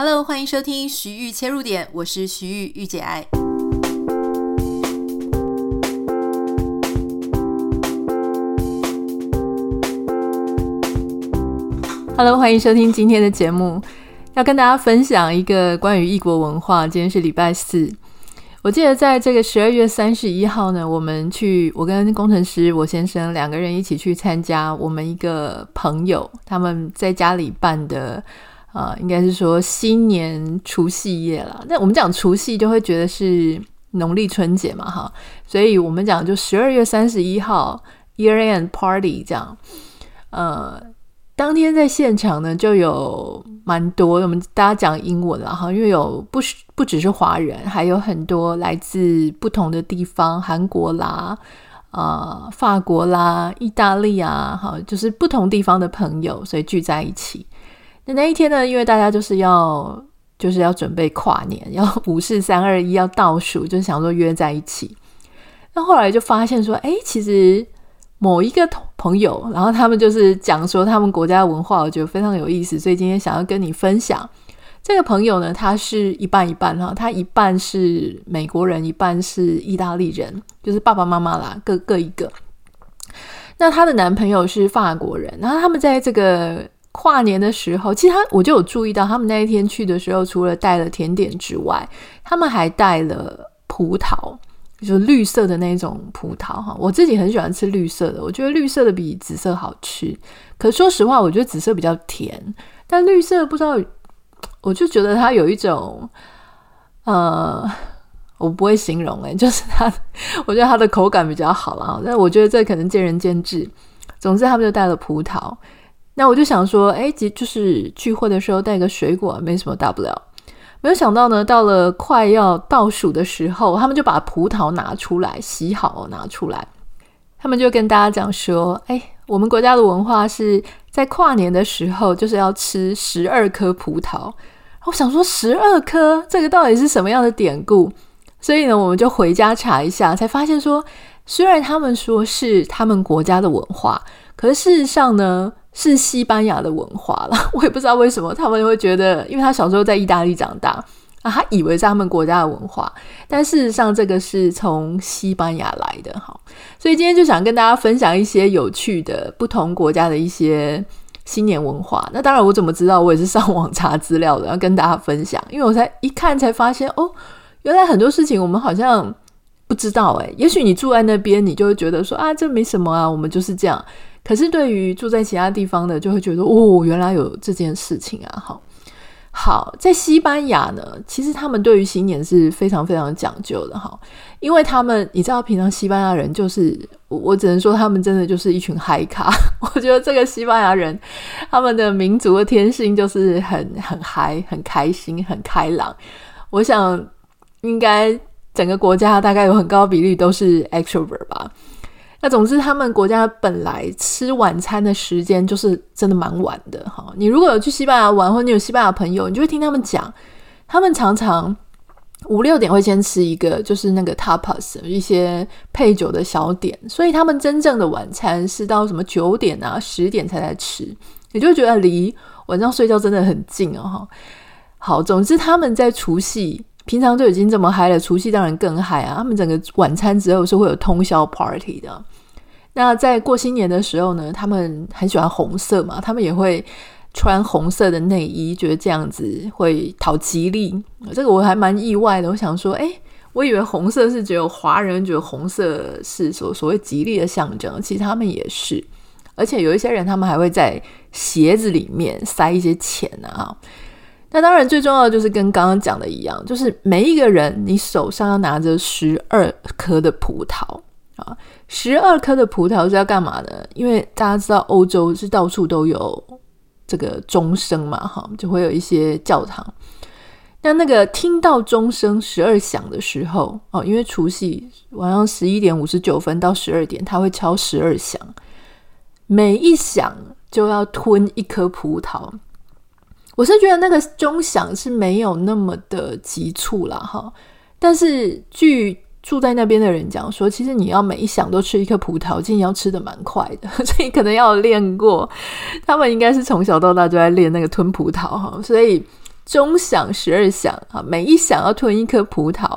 Hello，歡迎收聽徐豫切入點，我是徐豫，御姊愛。Hello，歡迎收聽今天的節目，要跟大家分享一個關於異國文化。今天是禮拜四，我記得在這個十二月三十一號呢，我們去，我跟工程師我先生兩個人一起去參加我們一個朋友他們在家裡辦的。啊、呃，應該是說新年除夕夜啦。那我們講除夕，就會覺得是農曆春節嘛，哈。所以，我們講就十二月三十一號，Year End Party 這樣。呃，當天在現場呢，就有蠻多我們大家講英文啦哈，因為有不是不只是華人，還有很多來自不同的地方，韓國啦，啊、呃，法國啦，意大利啊，哈，就是不同地方的朋友，所以聚在一起。那一天呢，因為大家就是要就是要準備跨年，要五四三二一要倒數，就想說約在一起。那後來就發現說，哎、欸，其實某一個朋友，然後他們就是講說他們國家文化，我覺得非常有意思，所以今天想要跟你分享。這個朋友呢，他是一半一半哈，他一半是美國人，一半是意大利人，就是爸爸媽媽啦，各各一個。那她的男朋友是法國人，然後他們在這個。跨年的時候，其實他我就有注意到，他們那一天去的時候，除了帶了甜點之外，他們還帶了葡萄，就是綠色的那種葡萄哈。我自己很喜歡吃綠色的，我覺得綠色的比紫色好吃。可說實話，我覺得紫色比較甜，但綠色不知道，我就覺得它有一種，呃，我不會形容誒、欸，就是它，我覺得它的口感比較好了啊。但我覺得這可能見仁見智。總之，他們就帶了葡萄。那我就想說，哎，其實就是聚會的時候帶個水果沒什麼大不了。沒有想到呢，到了快要倒數的時候，他們就把葡萄拿出來，洗好拿出來。他們就跟大家講說，哎，我們國家的文化是在跨年的時候就是要吃十二顆葡萄。我想說，十二顆這個到底是什麼樣的典故？所以呢，我們就回家查一下，才發現說，雖然他們說是他們國家的文化，可是事實上呢。是西班牙的文化了，我也不知道為什麼他們會覺得，因為他小時候在意大利長大，啊，他以為是他們國家的文化，但事實上這個是從西班牙來的。好，所以今天就想跟大家分享一些有趣的不同國家的一些新年文化。那當然，我怎麼知道？我也是上網查資料的，要跟大家分享，因為我才一看才發現，哦，原來很多事情我們好像不知道，哎，也許你住在那邊，你就會覺得說啊，這沒什麼啊，我們就是這樣。可是對於住在其他地方的，就會覺得哦，原來有這件事情啊！好，好，在西班牙呢，其實他們對於新年是非常非常講究的哈，因為他們你知道，平常西班牙人就是我只能說，他們真的就是一群嗨咖。我覺得這個西班牙人，他們的民族的天性就是很很嗨、很開心、很開朗。我想應該整個國家大概有很高的比例都是 extrovert 吧。那總之，他們國家本來吃晚餐的時間就是真的蠻晚的哈。你如果有去西班牙玩，或者你有西班牙的朋友，你就會聽他們講，他們常常五六點會先吃一個，就是那個 tapas 一些配酒的小點，所以他們真正的晚餐是到什麼九點啊、十點才來吃，你就覺得離晚上睡覺真的很近哦哈。好，總之他們在除夕。平常就已經這麼嗨了，除夕當然更嗨啊！他們整個晚餐之後是會有通宵 party 的。那在過新年的時候呢，他們很喜歡紅色嘛，他們也會穿紅色的內衣，覺得這樣子會討吉利。這個我還蠻意外的。我想說，哎，我以為紅色是只有華人覺得紅色是所所謂吉利的象徵，其實他們也是。而且有一些人，他們還會在鞋子裡面塞一些錢啊！那當然，最重要的就是跟剛剛講的一樣，就是每一個人你手上要拿着十二顆的葡萄啊，十二顆的葡萄是要幹嘛的？因為大家知道歐洲是到處都有這個鐘聲嘛，哈，就會有一些教堂。那那個聽到鐘聲十二響的時候，哦，因為除夕晚上十一點五十九分到十二點，他會敲十二響，每一響就要吞一顆葡萄。我是覺得那個鐘響是沒有那麼的急促了哈，但是據住在那邊的人講說，其實你要每一響都吃一顆葡萄，建議要吃的蠻快的，所以可能要練過。他們應該是從小到大就在練那個吞葡萄哈，所以鐘響十二響啊，每一響要吞一顆葡萄，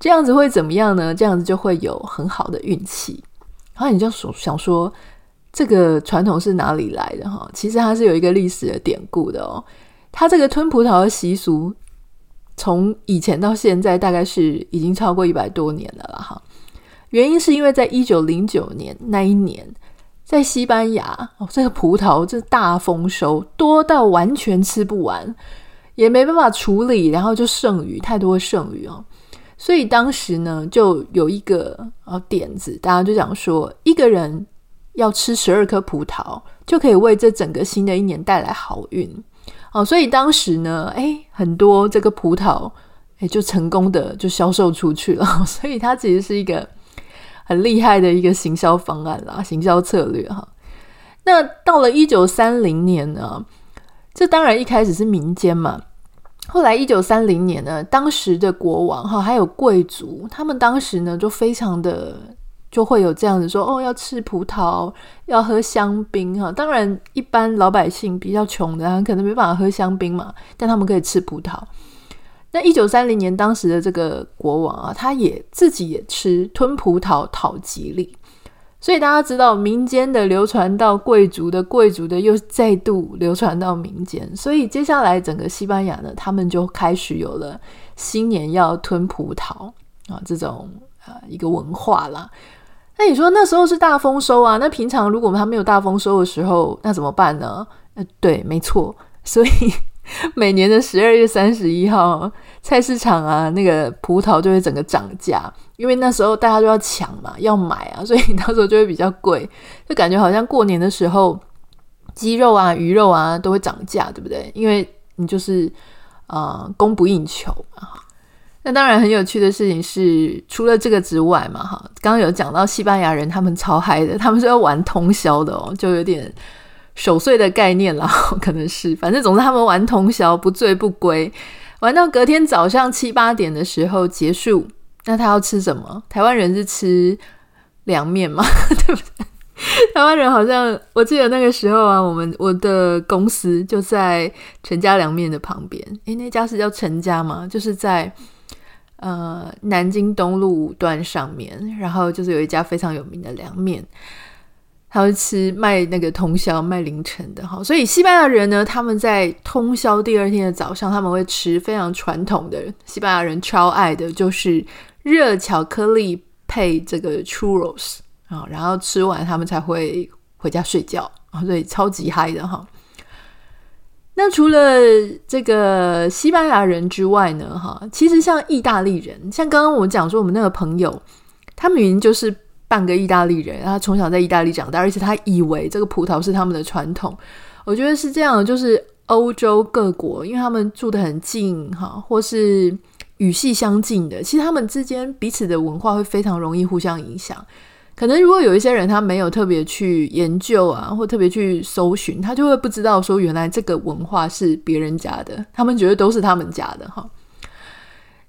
這樣子會怎麼樣呢？這樣子就會有很好的運氣。然後你就想說。這個傳統是哪裡來的哈？其實它是有一個歷史的典故的哦。它這個吞葡萄的習俗，從以前到現在大概是已經超過一百多年了哈。原因是因為在一九零九年那一年，在西班牙，哦、這個葡萄這大豐收，多到完全吃不完，也沒辦法處理，然後就剩餘太多剩餘哦。所以當時呢就有一個啊、哦、點子，大家就講說一個人。要吃十二顆葡萄，就可以為這整個新的一年帶來好運。哦，所以當時呢，誒，很多這個葡萄，誒，就成功的就銷售出去了。所以它其實是一個很厲害的一個行銷方案啦，行銷策略哈。那到了一九三零年呢，這當然一開始是民間嘛。後來一九三零年呢，當時的國王哈還有貴族，他們當時呢就非常的。就會有這樣子說哦，要吃葡萄，要喝香檳哈、啊。當然，一般老百姓比較窮的、啊，可能沒辦法喝香檳嘛，但他們可以吃葡萄。那一九三零年，當時的這個國王啊，他也自己也吃吞葡萄討吉利。所以大家知道，民間的流傳到貴族的，貴族的又再度流傳到民間。所以接下來整個西班牙呢，他們就開始有了新年要吞葡萄啊這種啊、呃、一個文化啦。那你說那時候是大豐收啊？那平常如果還沒有大豐收的時候，那怎麼辦呢？呃，對，沒錯。所以每年的十二月三十一號，菜市場啊，那個葡萄就會整個漲價，因為那時候大家都要搶嘛，要買啊，所以你到時候就會比較貴，就感覺好像過年的時候，雞肉啊、魚肉啊都會漲價，對不對？因為你就是啊，呃，供不應求。那當然很有趣的事情是，除了這個之外嘛，哈，剛剛有講到西班牙人，他們超嗨的，他們是要玩通宵的哦，就有點守歲的概念啦，可能是，反正總是他們玩通宵，不醉不歸，玩到隔天早上七八點的時候結束。那他要吃什麼？台灣人是吃涼面嗎？對不對？台灣人好像我記得那個時候啊，我們我的公司就在陳家涼麵的旁邊，誒，那家是叫陳家嗎？就是在。呃，南京東路五段上面，然後就是有一家非常有名的涼麵，他會吃賣那個通宵賣凌晨的哈。所以西班牙人呢，他們在通宵第二天的早上，他們會吃非常傳統的西班牙人超愛的就是熱巧克力配這個 churros 啊，然後吃完他們才會回家睡覺，所以超級嗨的哈。那除了這個西班牙人之外呢？哈，其實像意大利人，像剛剛我講說我們那個朋友，他們已經就是半個意大利人，他從小在意大利長大，而且他以為這個葡萄是他們的傳統。我覺得是這樣，就是歐洲各國，因為他們住得很近，哈，或是語系相近的，其實他們之間彼此的文化會非常容易互相影響。可能如果有一些人他沒有特別去研究啊，或特別去搜尋，他就會不知道說原來這個文化是別人家的，他們覺得都是他們家的哈。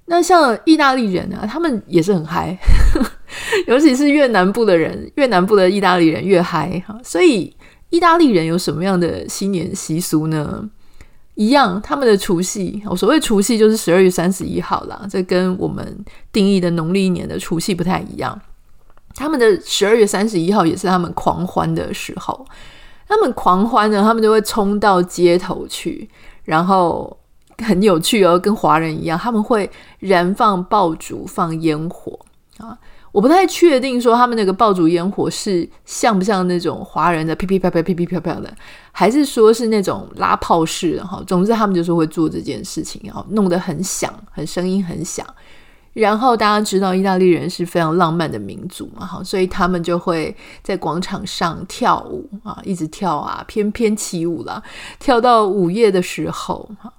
那像意大利人啊，他們也是很嗨， 尤其是越南部的人，越南部的意大利人越嗨哈。所以意大利人有什麼樣的新年習俗呢？一樣，他們的除夕，我所謂除夕就是十二月三十一號啦，這跟我們定義的農曆年的除夕不太一樣。他們的十二月三十一號也是他們狂歡的時候，他們狂歡呢，他們就會衝到街頭去，然後很有趣哦，跟華人一樣，他們會燃放爆竹、放煙火啊。我不太確定說他們那個爆竹煙火是像不像那種華人的噼噼啪啪、噼噼啪啪的，還是說是那種拉炮式的哈。總之，他們就是會做這件事情，然後弄得很響，很聲音很響。然後大家知道，意大利人是非常浪漫的民族嘛，哈，所以他們就會在廣場上跳舞啊，一直跳啊，翩翩起舞啦。跳到午夜的時候，哈，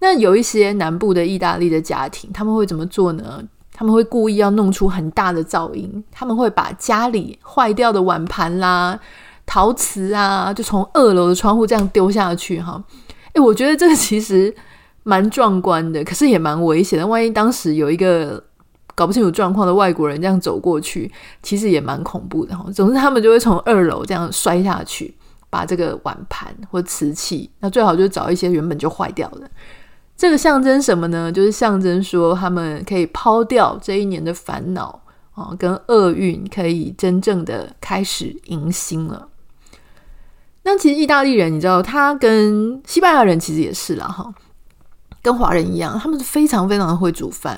那有一些南部的意大利的家庭，他們會怎麼做呢？他們會故意要弄出很大的噪音，他們會把家裡壞掉的碗盤啦、啊、陶瓷啊，就從二樓的窗戶這樣丟下去，哈。誒，我覺得這個其實。蠻壯觀的，可是也蠻危險的。萬一當時有一個搞不清楚狀況的外國人這樣走過去，其實也蠻恐怖的。總之，他們就會從二樓這樣摔下去，把這個碗盤或瓷器，那最好就找一些原本就壞掉的。這個象徵什麼呢？就是象徵說他們可以拋掉這一年的煩惱啊，跟厄運可以真正的開始迎新了。那其實意大利人，你知道，他跟西班牙人其實也是了哈。跟華人一樣，他們是非常非常的會煮飯。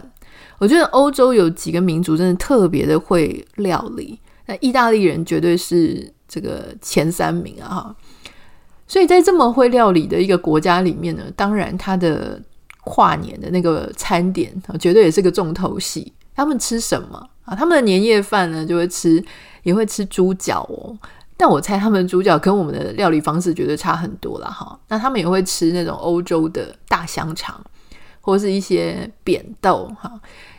我覺得歐洲有幾個民族真的特別的會料理，那意大利人絕對是這個前三名啊！所以在這麼會料理的一個國家裡面呢，當然他的跨年的那個餐點啊，絕對也是個重頭戲。他們吃什麼啊？他們的年夜飯呢，就會吃，也會吃豬腳哦。但我猜他們的豬腳跟我們的料理方式絕對差很多了哈。那他們也會吃那種歐洲的大香腸，或是一些扁豆哈。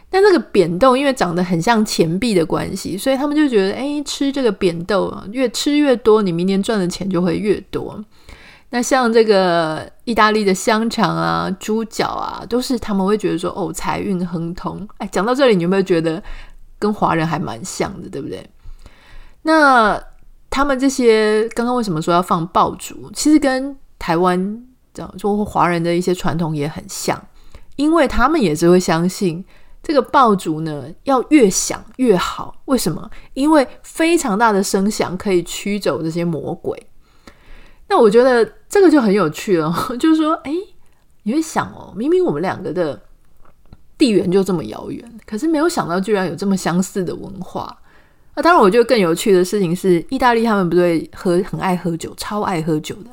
但那，那個扁豆因為長得很像錢幣的關係，所以他們就覺得誒、欸，吃這個扁豆越吃越多，你明年賺的錢就會越多。那像這個意大利的香腸啊、豬腳啊，都是他們會覺得說哦，財運亨通。哎、欸，講到這裡，你有沒有覺得跟華人還蠻像的，對不對？那。他們這些剛剛為什麼說要放爆竹？其實跟台灣叫華人的一些傳統也很像，因為他們也只會相信這個爆竹呢，要越響越好。為什麼？因為非常大的聲響可以驅走這些魔鬼。那我覺得這個就很有趣了，哦，就是說，誒、欸，你會想哦，明明我們兩個的地緣就這麼遙遠，可是沒有想到居然有這麼相似的文化。那、啊、當然，我覺得更有趣的事情是，意大利他們不會喝，很愛喝酒，超愛喝酒的。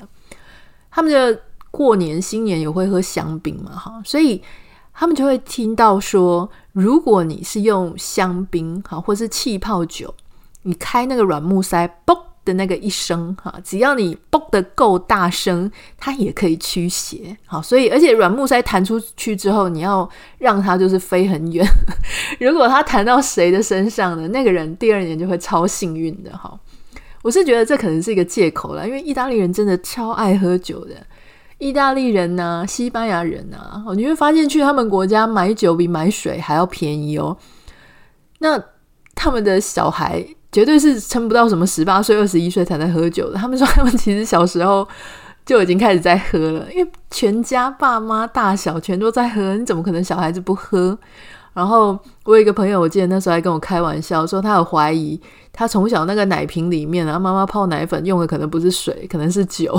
他們的過年新年也會喝香檳嘛，哈，所以他們就會聽到說，如果你是用香檳哈，或是氣泡酒，你開那個軟木塞，嘣，的那個一聲哈，只要你蹦得夠大聲，他也可以驅邪。好，所以而且軟木塞彈出去之後，你要讓他就是飛很遠。 如果他彈到誰的身上呢，那個人第二年就會超幸運的。哈，我是覺得這可能是一個借口了，因為意大利人真的超愛喝酒的。意大利人呢、啊，西班牙人呢、啊，你會發現去他們國家買酒比買水還要便宜哦。那他們的小孩。絕對是撐不到什麼十八歲、二十一歲才能喝酒的。他們說他們其實小時候就已經開始在喝了，因為全家爸媽大小全都在喝，你怎麼可能小孩子不喝？然後我有一個朋友，我記得那時候還跟我開玩笑說，他有懷疑他從小那個奶瓶裡面，他媽媽泡奶粉用的可能不是水，可能是酒。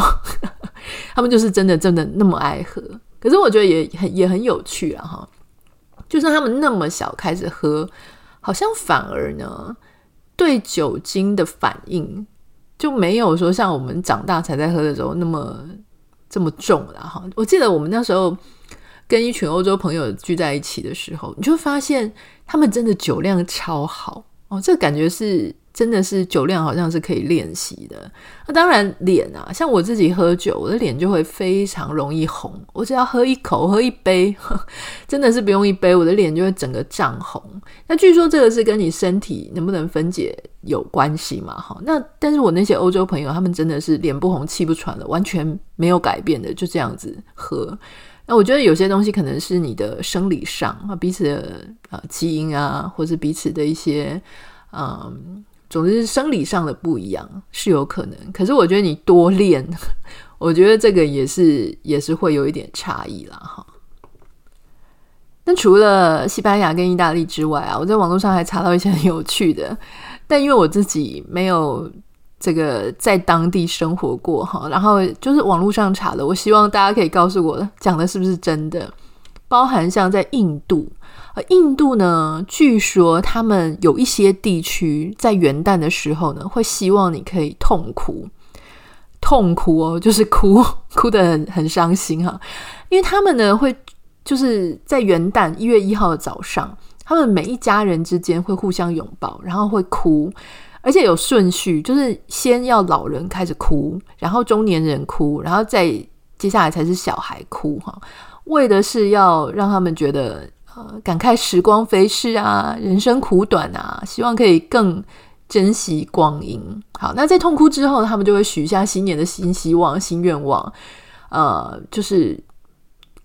他們就是真的真的那麼愛喝，可是我覺得也很也很有趣啊！哈，就算他們那麼小開始喝，好像反而呢。對酒精的反應就沒有說像我們長大才在喝的時候那麼這麼重了哈。我記得我們那時候跟一群歐洲朋友聚在一起的時候，你就發現他們真的酒量超好哦，這個感覺是。真的是酒量，好像是可以練習的。那當然臉啊，像我自己喝酒，我的臉就會非常容易紅。我只要喝一口，喝一杯，真的是不用一杯，我的臉就會整個漲紅。那據說這個是跟你身體能不能分解有關係嘛？哈，那但是我那些歐洲朋友，他們真的是臉不紅、氣不喘了，完全沒有改變的，就這樣子喝。那我覺得有些東西可能是你的生理上啊，彼此的啊、呃、基因啊，或是彼此的一些嗯。呃總之是生理上的不一樣是有可能，可是我覺得你多練，我覺得這個也是也是會有一點差異啦哈。那除了西班牙跟意大利之外啊，我在網絡上還查到一些很有趣的，但因為我自己沒有這個在當地生活過哈，然後就是網絡上查的，我希望大家可以告訴我講的是不是真的。包含像在印度，而印度呢，據說他們有一些地區在元旦的時候呢，會希望你可以痛哭，痛哭哦，就是哭，哭得很很傷心哈、啊，因為他們呢會就是在元旦一月一號的早上，他們每一家人之間會互相擁抱，然後會哭，而且有順序，就是先要老人開始哭，然後中年人哭，然後再接下來才是小孩哭哈、啊。為的是要讓他們覺得，呃，感慨時光飛逝啊，人生苦短啊，希望可以更珍惜光陰。好，那在痛哭之後，他們就會許下新年的新希望、新願望，呃，就是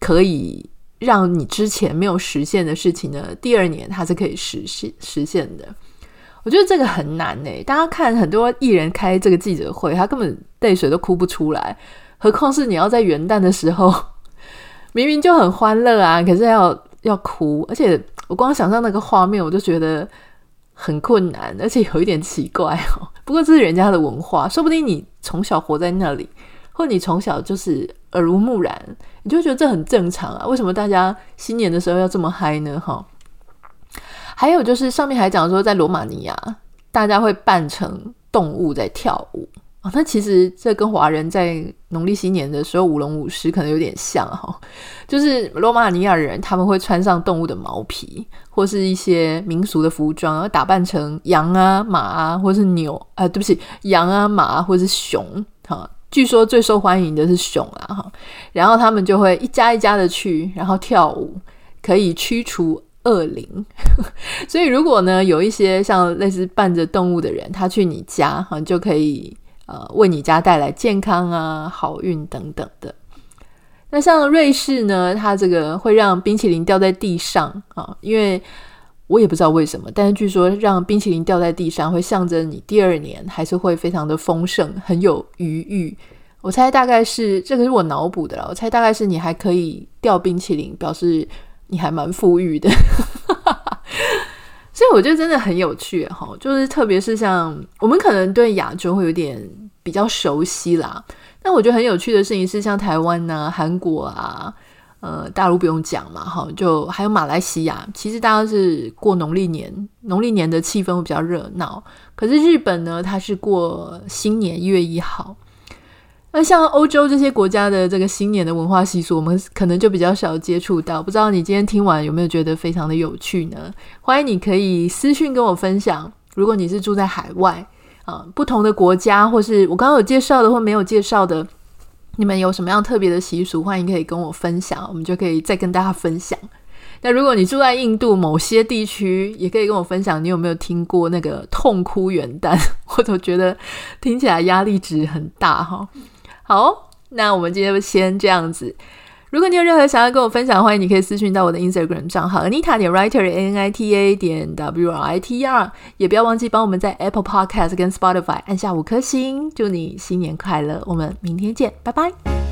可以讓你之前沒有實現的事情呢，第二年它是可以實現實，實現的。我覺得這個很難呢。大家看很多藝人開這個記者會，他根本淚水都哭不出來，何況是你要在元旦的時候。明明就很歡樂啊，可是要要哭，而且我光想象那個畫面，我就覺得很困難，而且有一點奇怪哦。不過這是人家的文化，說不定你從小活在那裡，或你從小就是耳濡目染，你就會覺得這很正常啊。為什麼大家新年的時候要這麼嗨呢？哈，還有就是上面還講說，在羅馬尼亞，大家會扮成動物在跳舞。哦，那其實這跟華人在農曆新年的時候舞龍舞獅可能有點像哈，就是羅馬尼亞人他們會穿上動物的毛皮或是一些民俗的服裝，然後打扮成羊啊、馬啊，或是牛啊，呃，對不起，羊啊、馬啊或是熊哈。據說最受歡迎的是熊啊哈，然後他們就會一家一家的去，然後跳舞，可以驅除惡靈。 所以如果呢有一些像類似扮着動物的人，他去你家哈就可以。呃，為你家帶來健康啊、好運等等的。那像瑞士呢，它這個會讓冰淇淋掉在地上啊，因為我也不知道為什麼，但是據說讓冰淇淋掉在地上會象徵你第二年還是會非常的豐盛，很有餘裕。我猜大概是這個是我腦補的啦，我猜大概是你還可以掉冰淇淋，表示你還蠻富裕的。 所以我覺得真的很有趣哈，就是特別是像我們可能對亞洲會有點比較熟悉啦，但我覺得很有趣的事情是，像台灣啊、韓國啊、呃大陸不用講嘛，哈，就還有馬來西亞，其實大家都是過農曆年，農曆年的氣氛會比較熱鬧。可是日本呢，它是過新年一月一號。那像歐洲這些國家的這個新年的文化習俗，我們可能就比較少接觸到。不知道你今天聽完有沒有覺得非常的有趣呢？歡迎你可以私訊跟我分享。如果你是住在海外啊、呃，不同的國家或是我剛剛有介紹的或沒有介紹的，你們有什麼樣特別的習俗，歡迎可以跟我分享，我們就可以再跟大家分享。那如果你住在印度某些地區，也可以跟我分享，你有沒有聽過那個痛哭元旦？我都覺得聽起來壓力值很大哈。哦好哦，那我們今天就先這樣子。如果你有任何想要跟我分享的話，歡迎你可以私訊到我的 Instagram 賬號 Anita 點 Writer，N I T A 點 W R I T R，也不要忘記幫我們在 Apple Podcast 跟 Spotify 按下五顆星。祝你新年快樂，我們明天見，拜拜。